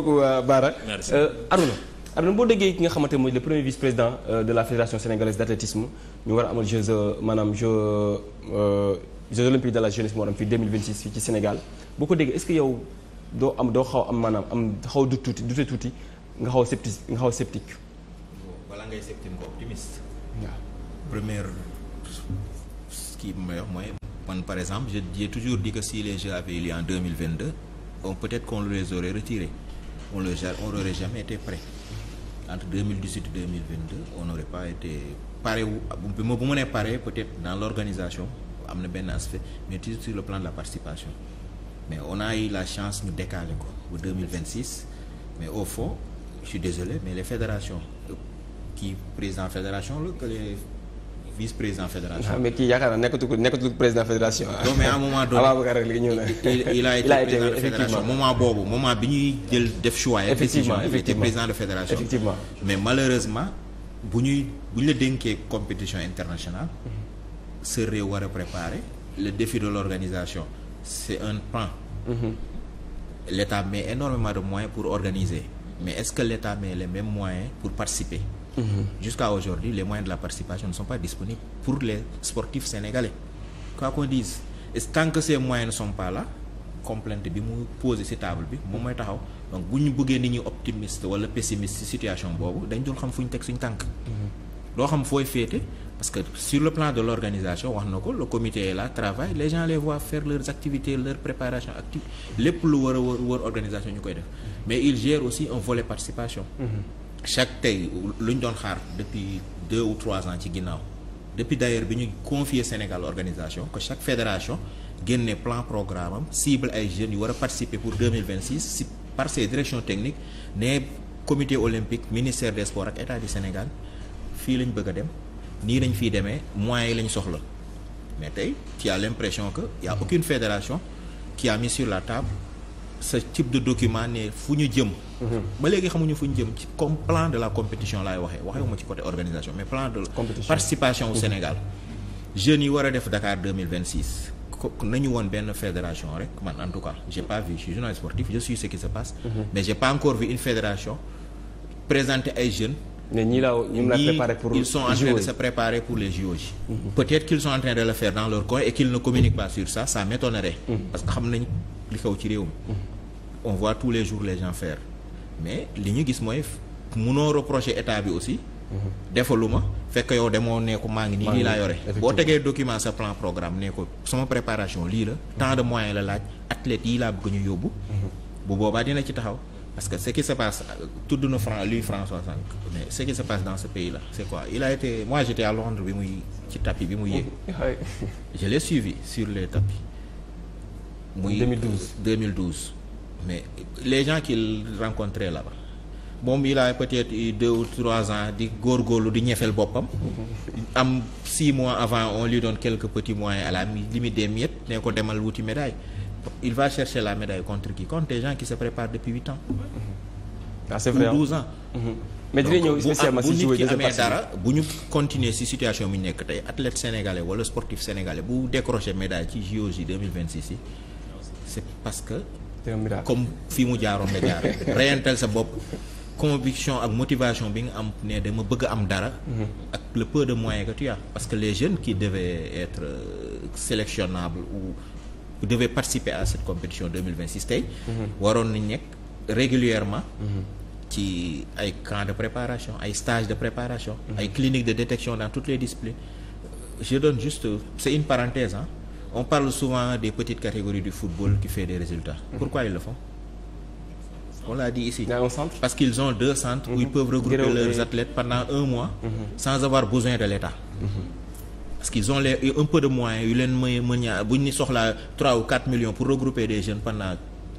beaucoup Bara. merci euh, Aruna Aruna boo ki nga xamante mooy le premier vice président euh, de la fédération sénégalaise d' athlétisme ñu euh, maanaam jeux de la jeunesse moo am fii 2026 fii ci Sénégal boo ko déggee est ce que yow doo am doo xaw am maanaam am xaw du tuuti dute tuuti nga xaw sceptique nga xaw sceptique. wala ngay sceptique nga optimiste. waaw première kii bi may mooy. par exemple j'ai toujours di que si les Jeux avaient eu lieu en 2022 on peut-être qu'on on le on n'aurait jamais été prêt entre 2018 et 2022 on n'aurait pas été pare bu bu mu nee pare peut-être dans l'organisation am na benn aspect mais toujours sur le plan de la participation mais on a la chance ñu décaler ko ba 2026 mais au fond je suis désolé mais les fédérations euh, qui président fédération la que les vice président fédération. Ah, mais kii yaakaar naa il a été président fédération moment boobu moment bi ñuy jël def choix. effectivement effectivement mais malheureusement bu ñuy bu ñu la dénkee compétition internationale. Mm-hmm. sa war a préparer. le défi de l'organisation c'est un pan. Mm-hmm. l'État met énormément de moyens pour organiser mais est-ce que l'État met les mêmes moyens pour participer. Mmh. Jusqu'à aujourd'hui, les moyens de la participation ne sont pas disponibles pour les sportifs sénégalais. Quoi qu'on dise, et tant que moyen ne sompa la là, complainte bi mu posé ci table bi moom mooy taxaw donc bu ñu bëggee nit ñi optimiste wala pessimiste ci situation boobu dañ doon xam fu ñu teg suñu tànk. Mm-hmm. doo xam fooy féete parce que sur le plan de l'organisation wax na ko le comité est la travaille les gens les voient faire leurs activités leur préparation active lépp lu war a wër organisation ñu koy def mm-hmm. mais il gère aussi un volet participation. Mm-hmm. chaque tey lu ñu doon xaar depuis deux ou trois ans ci ginnaaw depuis d'ailleurs bi ñu confier Sénégal organisation que fédération génne plan programme am cible ay jeunes yu wara a participer pour deux mille vingt six si par ses directions techniques ne comité olympique ministère des sports ak état du Sénégal fii lañ bëgg a dem nii lañ fiy demee moyens yi lañ soxla mais tey tu as l'impression que y a fédération ki a mis sur la table sa type de document ne fu ñu jëm. Mhm. ba léegi xamuñu fu ñu jëm ci comme plan de la compétition laay waxee waxewuma ci côté organisation mais plan de. compétition participation au mhm. Sénégal. jeunes yi war a def Dakar nañu woon benn fédération rek man en tout cas j'ai pas vu je mhm. présenter ay jeunes. mais ils sont en de se préparer pour les JO ji. peut-être qu'ils sont en de le faire dans leur coin et qu'ils ne communiquent pas sur ça ça m'étonnerait. parce que on voit tous les jours les gens faire mais li ñu gis mooy munoo reprocher état bi aussi. Mhm. defaluma fekk yow de moo ko maa ngi nii lii laa yore. boo tegee document sa plan programme ne ko sama préparation lii la. Mhm. tant de moyens la laaj athlètes yii laa bëgg ñu yóbbu. Mhm. bu boobaa dina ci taxaw. parce que ce qui se passe tudd na Fran lui François Sank mais ce qui se passe dans ce pays là c' est quoi il a été moi j' étais à Londres bi muy ci tapis bi muy sur les tapis. muy 2012 2012. mais les gens qu'il rencontrait la bas moom il a peut-être eu deux ou trois ans di góorlu di ñefeel boppam. am six mois avant on lui donne quelques petits moyens à la limite des miettes ne ko demal wuti médaille il va chercher la médaille contre qui contre des gens qui se préparent depuis huit ans. ah c'est vrai mhm. bu nit ki amee dara bu ñu continuer si situation bi nekk tey athlète sénégalais wala sportif sénégalais bu décroché médaille ci JOJ 2026 yi c'est parce que. comme fii mu jaaroon nga jaar reyantal sa bopp conviction ak motivation bi nga am ne dama bëgg am dara mhm. ak le peu de moyens que tu parce que les jeunes qui devaient être euh, sélectionnables ou devaient participer à cette compétition 2026 tey mhm. waroon nañ nekk régulièrement mhm. ci ay camp de préparation ay stage de préparation ay clinique de détection dans toutes les disciplines euh, je donne juste c'est une parenthèse on parle souvent des petites catégories du football qui fait des résultats. Mhm. Pourquoi ils l'a dit Parce qu'ils ont deux centres mhm. ils peuvent regrouper leurs athlètes pendant un mois mhm. sans avoir besoin de l'État. parce qu'ils ont les un peu de moyens yu leen may mën a bu ñu trois ou quatre millions pour regrouper des jeunes pendant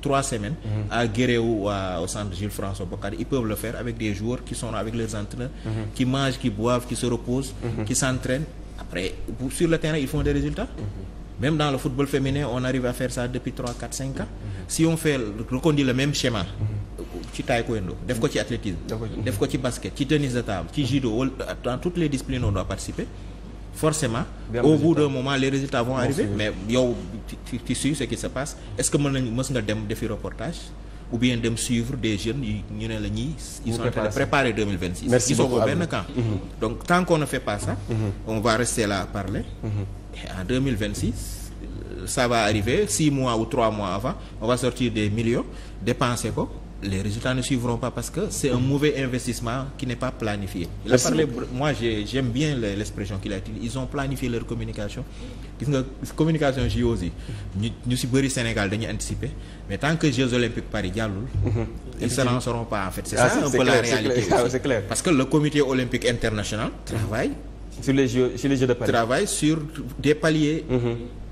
trois semaines. à Guéréo au centre Jules François Bocard ils peuvent le faire avec des joueurs qui sont avec même dans le football féminin on arrive à faire ça depuis 3 4 5 ans si on fait reconduit le même schéma ci taekwondo def ko ci athlétisme def ko ci basket ci tennis de ci judo wala dans toutes les disciplines on doit participer forcément Bien au bout d'un moment les résultats vont arriver mais yow ci ci ce qui se passe est-ce que mën nañu mës nga dem defi reportage ou bien dem suivre des jeunes yi ñu ne la ñii. ils sont en train de préparer ko benn camp. Mhm. donc tant qu'on ne fait pas mhm. on va rester là à parler. Mhm. et en sa euh, ça va arriver six mois ou trois mois avant on va sortir des millions dépenser ko. les résultats ne suivront pas parce que c'est un mauvais investissement qui n'est pas planifié. a j'aime bien l'expression qu'il a utilisée. Ils ont planifié leur communication. Gis nga communication JOs yi ñu ñu si bëri Sénégal dañuy anticiper mais tant que Jeux Olympiques Paris jàllul. Mm-hmm. ils se lanceront pas en fait. c'est ah, ça un peu la réalité parce que le comité olympique international travaille. sur les jeux de Paris. sur des paliers. Mm-hmm.